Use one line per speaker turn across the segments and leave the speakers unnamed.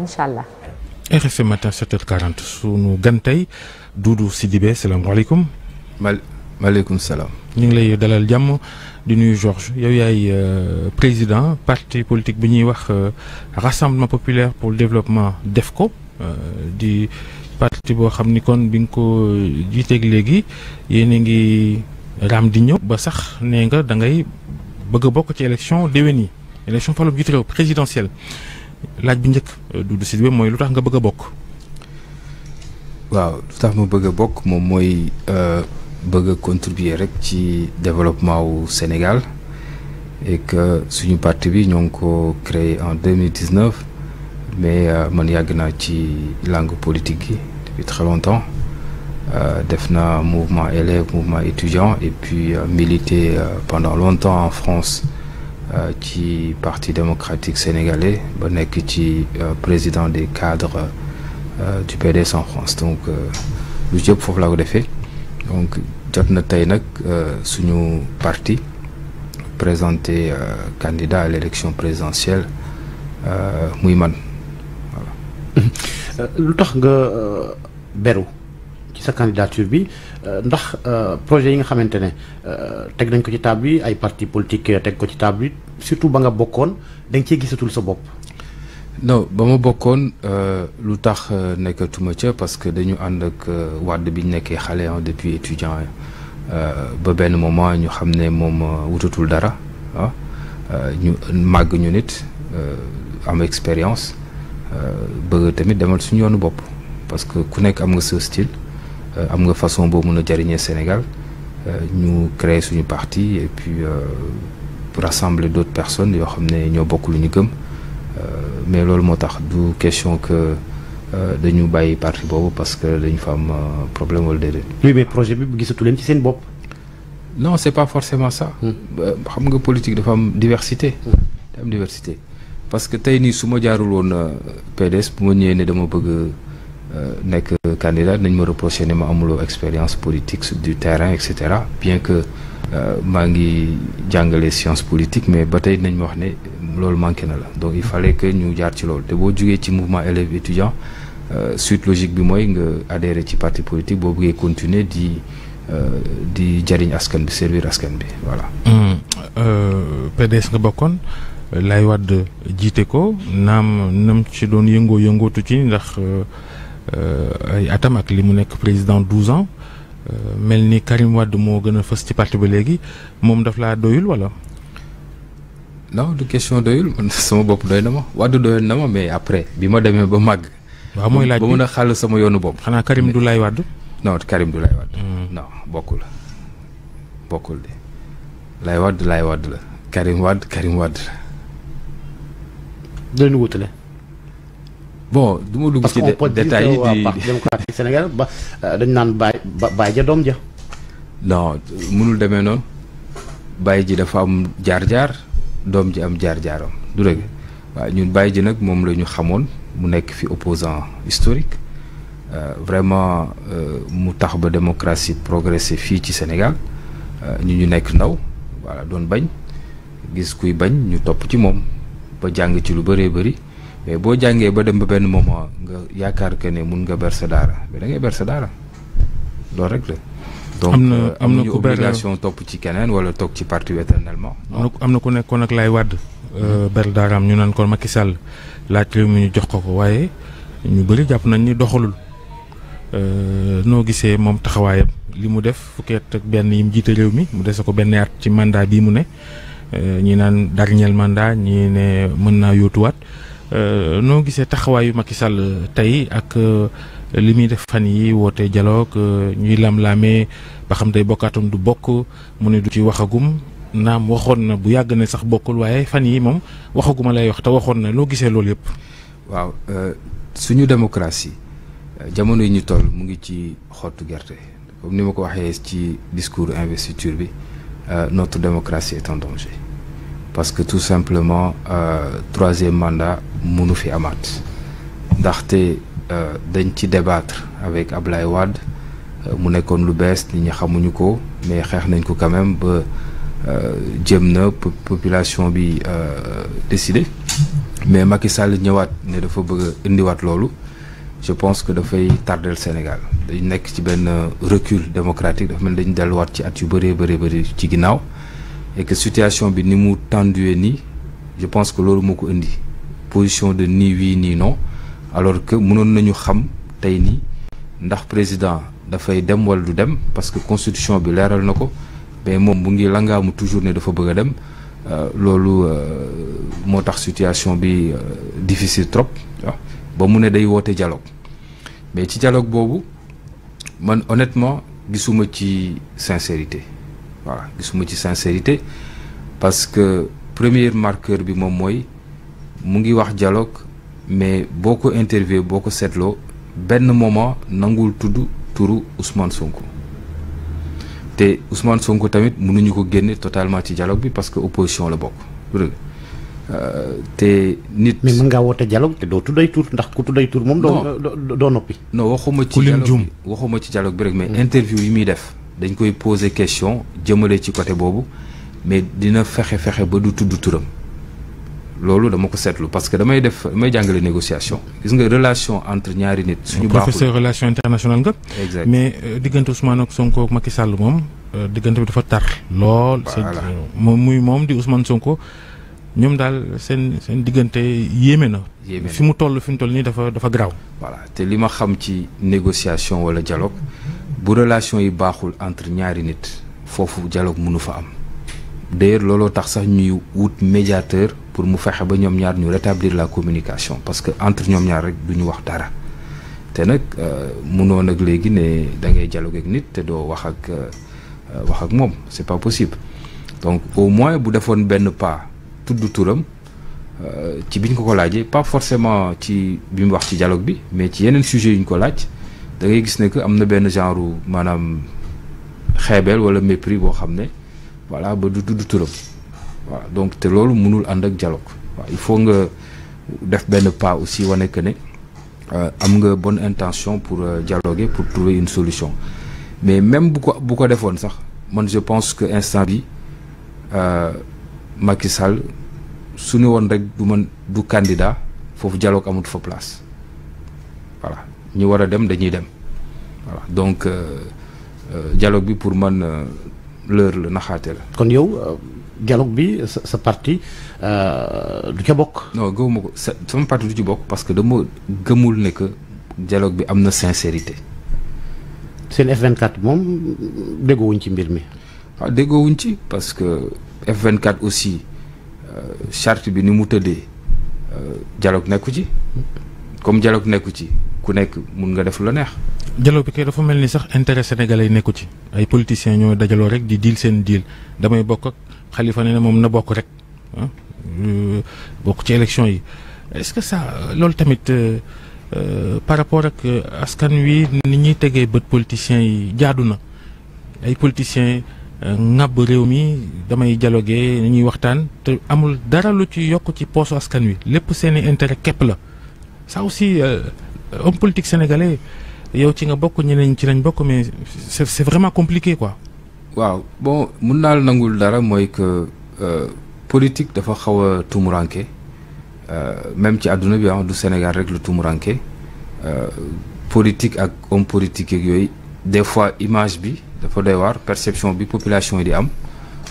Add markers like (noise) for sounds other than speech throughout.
incha allah.
RFM matin 7h40 sunu gan tey Doudou Sidibé salaamaaleykum. maaleykum salaam. ñu ngi lay dalal jàmm du nuy Georges yow yaay euh, président parti politique bi ñuy wax euh, rassemblement populaire pour le développement DEFCO euh, di parti boo xam ni kon bi nga ko jiiteeg léegi yéen ngi raam di ñëw ba sax nee nga da ngay bëgg bokk ci élection déwén yi élection falum jiite réew présidentielle. laaj bi njëkk Doudou Sidibé mooy lu tax nga bëgg bokk.
waaw lu tax ma bëgg a bokk moom mooy euh, bëgg a contribuer rek ci développement wu Sénégal e que suñu parti bi ñoo ngi ko créé en 2019 mais euh, man yàgg naa ci langue politique gi depuis très longtemps euh, def na mouvement élève mouvement étudiant et puis milité pendant longtemps en France. Euh, ci parti démocratique sénégalais ba nekk ci euh, président des cadres euh, du PDS en France donc lu jëpp foofu laa ko defee donc jot na tey nag suñu parti présenté candidat à l'élection présidentielle muy man
lu tax nga beru. ci sa candidature bi euh, ndax euh, projet yi nga xamante ne euh, teg nañ ko ci table bi ay parti politique teg ko ci table bi surtout ba nga bokkoon danga nga cee gisatul sa bopp. non ba ma bokkoon
lu tax nekkatuma ca parce que dañu ànd ak wàdd bi ñu nekkee xale ah depuis étudiant ba benn moment ñu xam ne moom wutatul dara ah ñu màgg ñu nit am expérience bëgg tamit demal suñu yoonu bopp parce que ku nekk am nga sa style. Euh, am nga façon boo mun a jëriñee Sénégal euh, ñu créer suñu parti et puis euh, rassembler d'autres personnes yoo xam ne ñoo bokk lu ñu gëm mais loolu moo tax du question que dañu bàyyi parti boobu parce que dañu fa am problème wala déedéet. oui mais projet
bi gisatu leen ci seen bopp.
non c'est pas forcément sax hmm. xam nga politique dafa am diversité. Hmm. dafa parce que tey nii su ma jaarul woon PDS bu ma ñëwee ne dama bëgg. Euh, nekk candidat nañ ma reproché ne ma amuloo expérience politique du terrain et cetera bien que euh, maa ngi jàngale science politique mais ba tey nañ ma wax ne loolu manqué na la donc il fallait que ñu jaar ci loolu te boo jugee ci mouvement élèves étudiants euh, suite logique bi mooy nga adhéré ci parti politique boo bëggee continuer di di jariñ askan bi servir askan bi voilà.
PDS nga bokkoon. Laye Wade jiite ko naam nam ci doon yëngoo yëngootu ci ndax. Euh, ay atam ak li mu nekk président 12 ans euh, mel ni Karim Wade moo gën a fës ci parti ba léegi moom daf laa doyul wala.
non du question doyul (laughs) sama bopp doy na ma Wade doyul na ma mais après bi ma demee ba màgg.
waaw mooy laaj bi ba mën a
xal sama yoonu bopp. xanaa Karim du lay wàdd non Karim du lay Wade. Hmm. non bokkul bokkul de lay wàdd lay wàdd la
Karim wàdd Karim Wade la.
bon du ma dugg ci détails yi parce que démocratique
Sénégal ba euh, dañ naan baay baay ja doom ja.
non mënul demee noonu baay ji dafa am jaar-jaar doom ji am jaar-jaaram du dëgg waaw ñun baay ji nag moom la ñu xamoon mu nekk fi opposant historique euh, vraiment euh, mu tax ba démocratie progressé fii ci Sénégal ñu ñu nekk ndaw waa doon bañ gis kuy bañ ñu topp ci moom ba jàng ci lu bëree bari mais boo jàngee ba dem ba benn moment nga yaakaar que ne mun nga ber sa daara mais da ngay ber sa daara loolu rek la. am na euh, am na ku obligation topp ci keneen wala toog ci parti éternellement.
am na ku kon ak Laay Wàdd euh, mm-hmm. ber daaraam ñu naan kon Macky Sall laaj réew mi ñu jox ko ko waaye ñu bëri jàpp nañ ni doxalul euh, noo gisee moom taxawaayam li mu def fukki at benn yi mu jiite réew mi mu dese ko benn at ci mandat bii mu ne ñi naan dernier mandat ñi ne mën naa yóotuwaat. Euh, noo gisee taxawaayu Macky Sall tey ak euh, li muy def fan yi woote dialogue euh, ñuy lam-laamee ba xam day bokkaatam du bokk mu ne du ci waxagum naam waxoon na bu yàgg ne sax bokkul waaye fan yi moom waxaguma lay wax te waxoon na loo gisee loolu yëpp. waaw suñu démocratie
jamono yi ñu toll mu ngi ci xottu gerte comme ni ma ko waxee ci discours investiture bi notre démocratie est en danger. parce que tout simplement euh, troisième mandat mënu fi amaat ndaxte euh, dañ ci débattre avec Ablaye wadd euh, mu nekkoon lu bees nit ñi xamuñu ko mais xeex nañ ko quand même ba jëm na population bi décidé mais Macky Sall ñëwaat ne dafa bëgg indiwaat loolu je pense que dafay tardel Sénégal dañ nekk ci benn recul démocratique dafa mel dañu delluwaat ci at yu bëree bëri bëri ci ginnaaw et que situation bi ni mu tenduwee nii je pense que loolu moo ko indi position de nii oui nii non alors que mënoon nañu xam tey nii ndax président dafay dem wala du dem parce que constitution bi leeral na ko mais moom mu ngi langaamu toujours ne dafa bëgg a dem euh, loolu euh, moo tax situation bi euh, difficile trop waaw ba mu ne day woote dialogue mais ci dialogue boobu man honnêtement gisuma ci sincérité voilà suma ci sincérité parce que premier marqueur bi moom mooy mu ngi wax jaloog mais boo ko interviewé boo ko seetloo benn moment nangul tudd turu Ousmane Sonko te Ousmane Sonko tamit mënuñu ko génne totalement ci dialogue bi parce que opposition la bokk euh, te nit. mais mën ngaa woote dialogue te doo tudday tur ndax
ku tudday tur moom. doo doo noppi. non waxuma ci dialogue bi
waxuma ci dialogue bi rek mais hmm. interview yi muy def. dañ koy poser question jëmale ci côté boobu mais dina fexe fexe ba du tudd turam loolu dama ko seetlu parce que damay def damay jàngale négociation gis nga relation entre ñaari nit. suñu baaxul professeur
relation internationale nga. exact mais euh, diggante Ousmane ak Sonko ak Macky Sall moom euh, diggante bi dafa tar. lool euh, moom muy moom di Ousmane Sonko ñoom daal seen seen diggante yéeme na. yéeme na fi mu toll fi mu toll nii dafa dafa garaaw.
voilà te li ma xam ci négociation wala dialogue. bu relation yi baaxul entre ñaari nit foofu dialogue mënu fa am d'ailleurs looloo tax sax ñuy wut médiateur pour mu fexe ba ñoom ñaar ñu rétablir la communication parce que entre ñoom ñaar rek duñu wax dara te nag euh, mënoon ak léegi ne da ngay dialogue ak nit te doo wax ak euh, wax ak moom c'est pas possible donc au moins bu defoon benn pas tudd turam euh, ci biñ ko ko laajee pas forcément ci bi mu wax ci jaloog bi mais ci yeneen sujet yu ñu ko laaj da ngay gis ne que am na benn genre maanaam xeebeel wala mépris boo xam ne voilà ba du tudd turam waaw donc te loolu mënul ànd ak dialogue waa il faut nga def benn pas aussi wane que ne euh, am nga bon intention pour euh, dialoguer pour trouver une solution mais même bu ko bu ko defoon sax man je pense que instant bi euh, Macky Sall su ne woon rek du man du candidat foofu dialogue amut fa place voilà ñi war a dem dañuy dem waa donc euh, euh, dialogue bi pour man euh, leer la naxaate la. kon yow dialogue bi sa sa parti du ca bokk. no gëmuma ko sa sama parti du ci bokk parce que dama gëmul ne que dialogue bi am na sincérité. seen F24 moom déggoowuñ ci mbir mi. waaw ah, déggoowuñ ci parce que F24 aussi charte bi ni mu tëddee dialogue nekku ci comme dialogue nekku ci. ku nekk mun nga def la neex.
dialogue bi kay dafa mel ni sax intérêt sénégalais yi nekku ci ay politiciens ñoo dajaloo rek di diil seen diil damay bokk ak xalifa ne ne moom na bokk rek ah euh, bokk ci élection yi est-ce que ça loolu tamit euh, euh, par rapport ak askan wi ni ñuy tegee bët politiciens yi jaadu na ay politiciens ŋàbb réew mi damay dialogué ñuy waxtaan te amul dara lu ci yokk ci poosu askan wi lépp seeni intérêt képp la ça aussi. Euh, homme politique sénégalais yow ci nga bokk ñeneen ci lañ bokk mais c'est vraiment compliqué quoi.
waaw bon mun naa la nangul dara mooy que euh, politique dafa xaw a tumuranke euh, même ci adduna bi ah du Sénégal rek lu tumuranke politique ak homme politique yooyu des fois image bi dafa doy waar perception bi population yi di am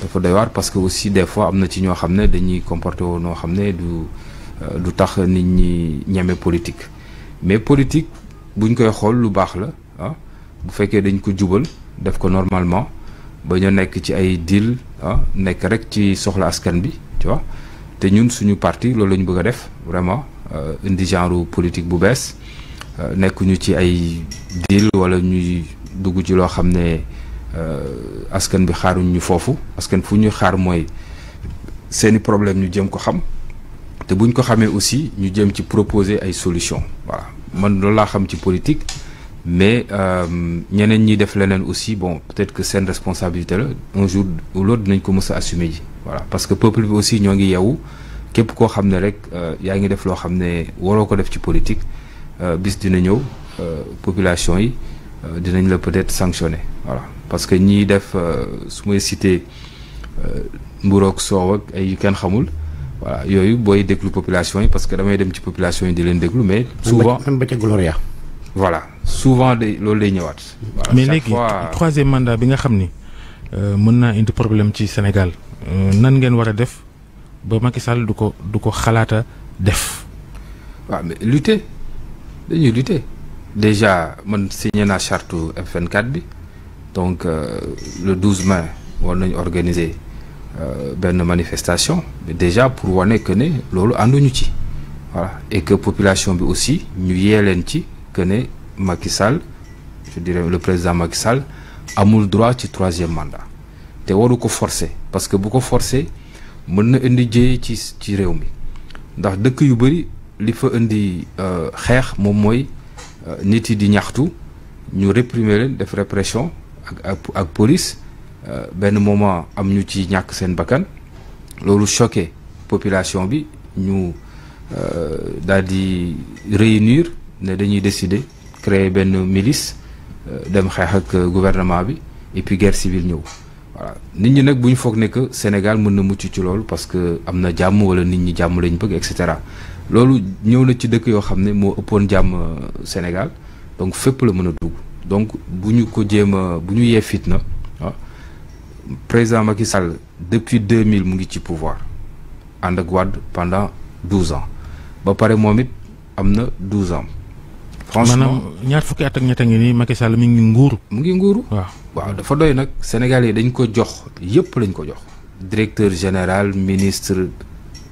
dafa doy waar parce que aussi des fois am na ci ñoo xam ne dañuy comporté woon noo xam ne du du tax nit ñi ñeme politique. mais politique buñ koy xool lu baax la ah. bu fekkee dañ ko jubal def ko normalement ba ñu nekk ci ay deal ah, nekk rek ci soxla askan bi tu te ñun suñu parti loolu lañu ñu bëgg a def vraiment euh, indi genre politique bu bees euh, nekkuñu ci ay deal wala ñuy dugg ci loo xam ne euh, askan bi xaaruñ foofu askan fu ñuy xaar mooy seeni problème ñu jëm ko xam te buñ ko xamee aussi ñu jëm ci proposer ay solution voilà man loolu laa xam ci politique mais euh, ñeneen ñi def leneen aussi bon peut-être que seen responsabilité la un jour ou dinañ ko mës a assumer ji voilà parce que peuple bi aussi ñoo ngi yeewu képp koo xam ne rek euh, yaa ngi def loo xam ne waroo ko def ci politique euh, bis dina ñëw population yi dinañ la peut-être sanctionner voilà parce que ñiy def su may citer mburoog soow ak ay kenn xamul voilà yooyu booy déglu population yi parce que damay dem ci population yi di leen déglu mais. souvent
même ba ca Gloria.
voilà souvent de loolu day ñëwaat. mais léegi
troisième
mandat bi nga xam ni euh, mën naa indi problème ci Sénégal euh, nan ngeen war a def ba Macky Sall du ko du ko xalaata def. waaw mais lutter
dañuy lutter déjà man signé naa charte F24 bi donc euh, le 12 mai war nañu organiser. Euh, benn manifestation déjà pour wane que ne loolu ànduñu ci voilà et que population bi aussi ñu yee leen ci que ne Macky Sall je le président Macky Sall amul droit ci troisième mandat te waru ko forcer parce que bu ko forcer mën na indi jëye ci ci réew mi ndax dëkk yu bëri li fa indi euh, xeex moom mooy euh, nit yi di ñaxtu ñu réprimer leen def répression ak ak ak police. Euh, benn moment am ñu ci ñàkk seen bakkan loolu choqué population bi ñu euh, daal di réunir ne dañuy décider créer benn milice euh, dem xeex ak gouvernement bi et puis guerre civile ñëw voilà nit ñi nag bu ñu foog nekk Sénégal mën na mucc ci loolu parce que am na jàmm wala nit ñi jàmm lañ bëgg et cetera loolu ñëw na ci dëkk yoo xam ne moo ëppoon jàmm Sénégal donc fépp la mën a dugg donc bu ñu ko jéem a bu ñu yee fitna président Macky Sall depuis mille mu ngi ci pouvoir ànd ak Wade pendant 12 ans ba pare moom it am na 12 ans. franchement maanaam
ñaar fukki at ñett ngi nii Macky Sall mi ngi nguuru. mu ngi nguuru
waaw. dafa doy nag Sénégal yi dañ ko jox yépp lañ ko jox. directeur général ministre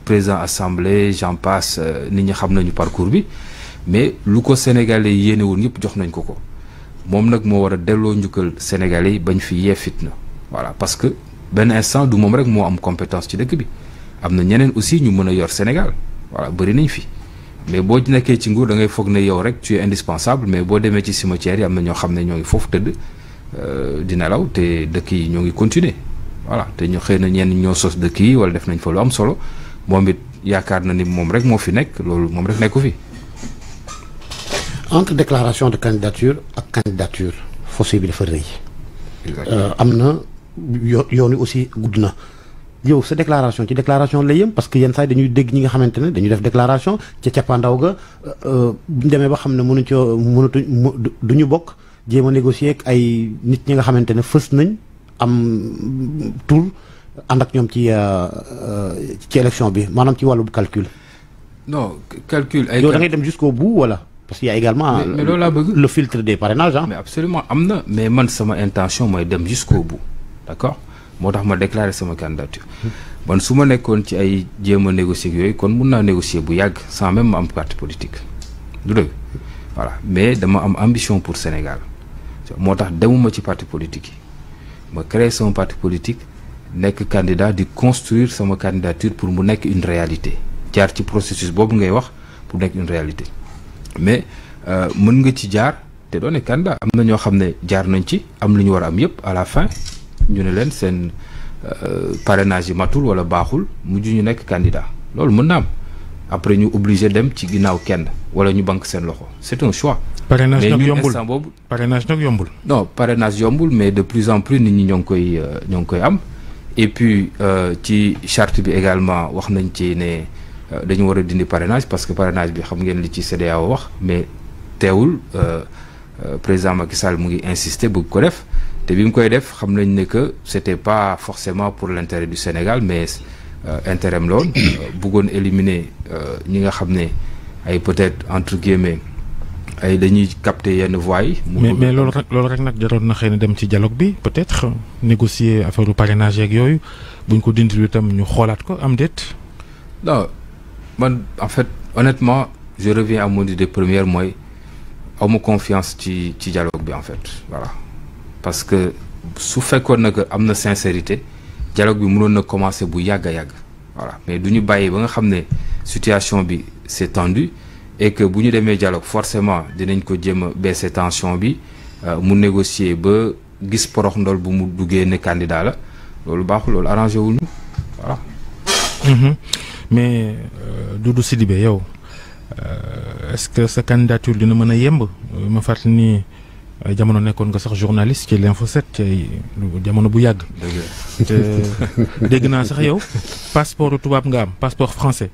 président assemblée j'en passe euh, nit ñi xam nañu parcours bi mais lu ko sénégalais yéene woon yépp jox nañ ko ko moom nag moo war a delloo njukkal sénégalais yi bañ fi yee na voilà parce que benn instant du moom rek moo am compétence ci dëkk bi am na ñeneen aussi ñu mën a yor Sénégal voilà bëri nañ fi mais boo nekkee ci nguur da ngay foog ne yow rek ci indispensable mais boo demee ci cimetière yi am na ñoo xam ne ñoo ngi foofu tëdd euh, dina law te dëkk yi ñoo ngi continuer voilà te ñu xëy na ñenn ñoo sos dëkk yi wala def nañ fa lu am solo moom it yaakaar na ni moom rek moo fi nekk loolu moom rek nekku fi.
entre déclaration de candidature ak candidature fossé bi dafa rëy. Euh, na. yoon wi aussi gudd na yow sa déclaration ci déclaration la yem parce que yenn saa yi dañuy dégg ñi nga xamante ne dañuy def déclaration ca cappaandaw ga euh, euh, buñ demee ba xam ne mënuñ coo mënatuñ du ñu bokk jéem a négocier ak ay nit ñi nga xamante ne fës nañ am tur ànd ak ñoom ci euh, ci élection bi maanaam ci wàllu calcul.
non calcul ay. yow da dem jusko bu wala. parce qu'il y a également mais, mais le, le filtre des parrainages ah. absolument am na mais man sama intention mooy dem jusko bu d'accord moo tax ma déclaré sama candidature bon su ma nekkoon ci ay jéem a négocier yooyu kon mun naa négocier bu yàgg sans même ma am parti politique du dëgg voilà mais dama am ambition pour Sénégal moo tax demuma ci parti politique yi ma créé sama parti politique nekk candidat di construire sama candidature pour mu nekk une réalité jaar ci processus boobu ngay wax pour nekk réalité mais euh, mën nga ci jaar te doone candidat am na ñoo xam ne jaar nañ ci am lu ñu war a am yëpp à la fin ñu ne leen seen euh, parrainage yi matul wala baaxul mujj ñu nekk candidat loolu mën naa am après ñu obligé dem ci ginnaaw kenn wala ñu bank seen loxo c'est un choix. parrainage nag yombul mais boobu. parrainage nag yombul. non parenage yombul mais de plus en plus nit ñi ñoo ngi koy euh, ñoo ngi koy am et puis euh, ci charte bi également wax nañ ci ne dañu war a dindi parenage parce que parrainage bi xam ngeen li ci CEDEAO wax mais teewul président Macky Sall mu ngi insister bëgg ko def. te bi mu koy def xam nañ ne que c'était pas forcément pour l'intérêt du Sénégal mais euh, intérêt am lool euh, bëggoon éliminer euh, ñi nga xam ne ay peut-être entre guillemets ay dañuy capter yenn voix yi. mais mais loolu
rek loolu rek nag jaroon na xëy na dem ci dialogue bi peut-être négocier affaire parrainage yeeg yooyu buñ ko dindi itam ñu xoolaat ko am déet.
man en fait honnêtement je reviens à mon idée première mooy amu confiance ci ci dialogue bi en fait voilà. parce que su fekkoon nag am na sincérité dialogue bi mënoon na commencer bu yàgg yàgg voilà mais du ñu bàyyi ba nga xam ne situation bi c'est tendu e que bu ñu demee dialogue forcément dinañ ko jéem a baisser tension bi euh, mu négocier ba gis porox ndol bu mu duggee ne candidat la loolu baaxul loolu arrangé wul ñu voilà.
Mhm. mais euh, Doudou yow euh, est sa candidature dina mën a yemb ma fàttali ni. jamono nekkoon nga sax journaliste ci l'info 7 ci jamono bu yàgg. te dégg naa sax yow passeport tubaab nga am passeport français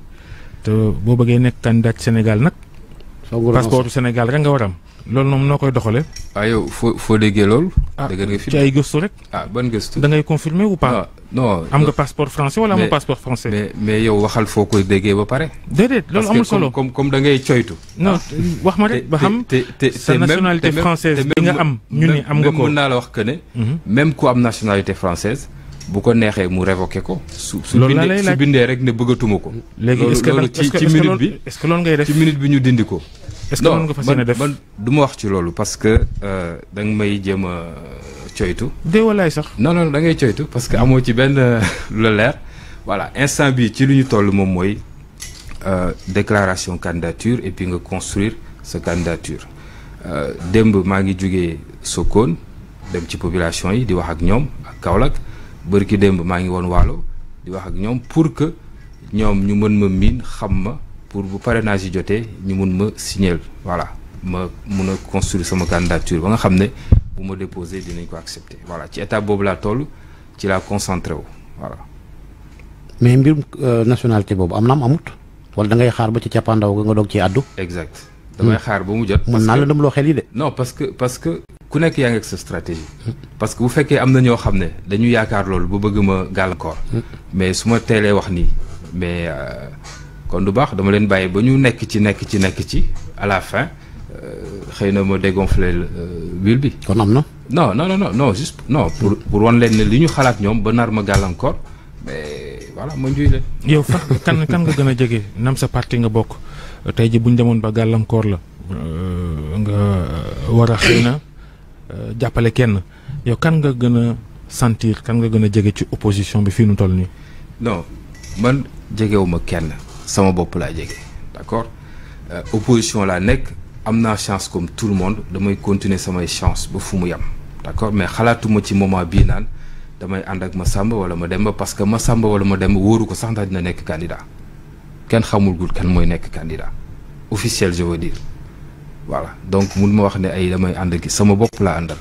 te boo bëggee nekk candidat Sénégal nag. passeport Sénégal rek nga war am. loolu moom noo koy doxalee. ah yow foo foo déggee loolu. Ah, dëgg nga ci ay gëstu rek. ah ban gëstu. da ngay confirmer ou pas. Ah, non am nga passeport français wala amoo passeport français. mais
mais yow waxal foo koy déggee ba pare.
déedéet loolu amul solo parce que
comme comme da ngay coytu. non wax ma rek ba xam. te te sa nationalité française bi nga am. ñu ne am nga ko mën naa la wax que ne. Mhm. même ku am nationalité française bu ko neexee mu révoqué ko. su su bindee su bindee rek ne bëggatuma ko. léegi est-ce que est-ce que loolu ci minute bi ñu dindi ko. est-ce que nga fas yéene def man du ma wax ci loolu parce que euh, da nga may jéem a coytu. dee walaay sax. non non da ngay coytu parce que amoo ci benn euh, (laughs) lu la leer voilà instant bi ci lu ñu toll moom mooy euh, déclaration candidature et puis nga construire sa candidature démb maa ngi jógee Sokone dem ci population yi di wax ak ñoom ak Kaolack bërki démb maa ngi woon Waalo di wax ak ñoom pour que ñoom ñu mën ma miin xam ma. pour bu parrainage yi jotee ñu mun ma signaler voilà ma mun a construire sama candidature ba nga xam ne bu ma déposé dinañ ko accepter voilà ci état boobu laa toll ci laa concentré wu
voilà. mais mbirum euh, nationalité boobu am na am amut wala da ngay xaar ba ci cappaandaw ga nga doog ci àddu.
exact damay hmm. xaar ba mu jot. mën naa la loo xel yi parce que parce que ku nekk yaa ngi ak sa stratégie. Hmm. parce que bu fekkee am na ñoo xam ne dañu yaakaar loolu bu bëgg ma gàllankoor. Hmm. mais su ma teelee wax nii euh, kon du baax dama leen bàyyi ba ñu nekk ci nekk ci nekk ci à la fin euh, xëy na ma dégonflé euh, huile bi. kon am na. non non non non juste
non pour pour wan
leen li ñu xalaat ñoom ba nar ma gàllankoor mais voilà ma njuy leen.
yow fa kan kan nga gën a jege nam sa parti nga bokk tey ji bu ñu demoon ba gàllankoor la euh, nga war a xëy na jàppale kenn yow kan nga gën a sentir kan nga gën a jege ci opposition bi fii nu toll nii.
non man jegewuma kenn. sama bopp laa jege d'accord euh, opposition laa nekk am naa chance comme tout le monde damay continuer samay chance ba fu mu yem d'accord mais xalaatuma ci moment bi naan damay ànd ak ma sàmba wala ma dem ba parce que ma sàmba wala ma dem ba wóoru ko sax ndax dina nekk candidat kenn xamul gul kenn mooy nekk candidat officiel je veux
donc mun ma wax ne ay damay ànd ak sama bopp laa àndal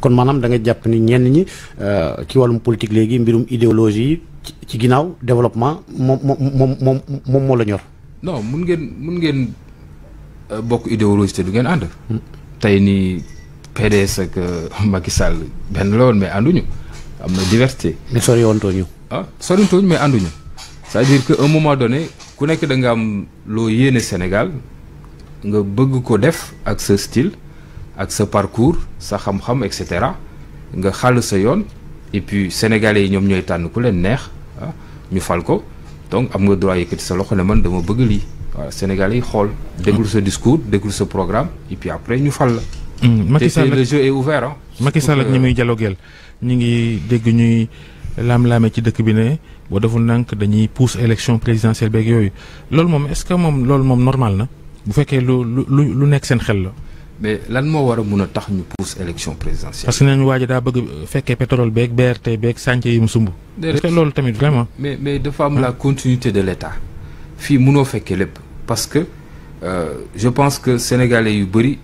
kon maanaam da nga jàpp ni ñenn ñi euh, ci wàllum politique léegi mbirum idéologie ci ginnaaw développement moom moom moom moom moo la ñor.
non mun ngeen mun ngeen euh, bokk idéologie te du ngeen ànd. tey nii PDS ak euh, Macky Sall benn la woon mais ànduñu am na diversité. mais sori wontoo ñu. ah sori wontoo ñu mais ànduñu c'est-à-dire que un moment donné ku nekk da nga am loo yéene Sénégal nga bëgg ko def ak sa style. ak sa parcours sa xam-xam et cetera nga xàll sa yoon et puis sénégalais yi ñoom ñooy tànn ku leen neex ah, ñu fal ko donc am nga droit yëkkati sa loxo ne man dama bëgg lii waaw sénégalais yi xool. déglu sa discours déglu sa programme et après ñu fal la.
Hmm, Macky Sall le jeu est ouvert ah. Macky ak ñi muy dialogueel ñu ngi dégg ñuy laam-laame ci dëkk bi ne boo deful nank dañuy pousse élection présidentielle beeg yooyu loolu moom est-ce que moom loolu moom normal na bu fekkee lu lu lu nekk seen xel la.
mais lan moo war a mun a tax ñu pousse élection présidentielle. parce que
nañu waaj daa bëgg fekkee pétrole beeg BRT beeg chantier yi mu sumb. est-ce que loolu tamit vraiment.
mais mais dafa am la ah. continuité de l'État fii munoo fekkee lépp parce que euh, je pense que sénégalais yu bëri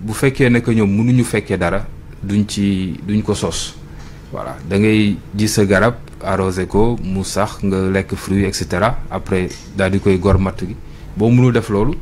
bu fekkee ne que ñoom mënuñu fekkee dara duñ ci duñ ko sos voilà da ngay ji sa garab arrosé ko mu sax nga lekk fruit et cetera après daal di koy gor matt gi boo mënul def loolu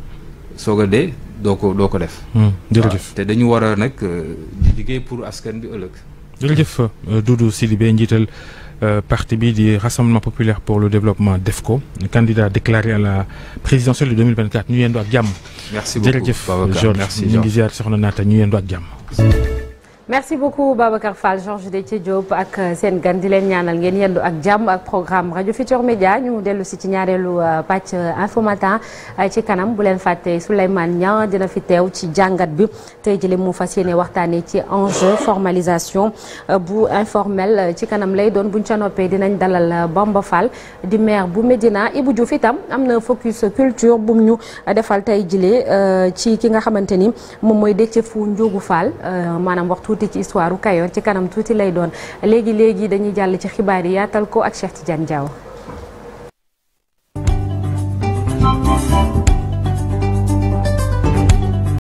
soog a dee. doo ko doo ko def. Hmm, jërëjëf te dañu war a nag euh, di liggéey pour askan bi ëllëg.
jërëjëf euh, Doudou Sidibé njiital euh, parti bi di rassemblement populaire pour le développement DEFCO candidat déclaré à la présidentielle de 2024 ñu yendoo ak jàmm. merci beaucoup Babacar jërëjëf Georges ñu ngi ziar soxna Naata ñu yendoo ak jàmm.
merci beaucoup Babacar Fall de Détié Diop ak euh, seen gan di leen ñaanal ngeen yendu ak jàmm ak programme rajo Futurs média ñu dellu si ci ñaareelu euh, pàcc euh, info ci kanam bu leen fàtte Souleymane Niang dina fi teew ci jàngat bi tey jële mu fas yéene waxtaanee ci enjeu formalisation bu informel ci kanam lay doon buñ ca noppee dinañ dalal Bamba Fall di maire bu Médina Ibou Diouf itam am na focus culture bum ñu defal tey jële ci ki nga xamante ni moom mooy Déthié Fou Ndiogou Fall maanaam waxtu tuuti ci histoire u ci kanam tuuti lay doon léegi léegi dañuy jàll ci xibaar yi yaatal ko ak Cheikh Tidiane Diaw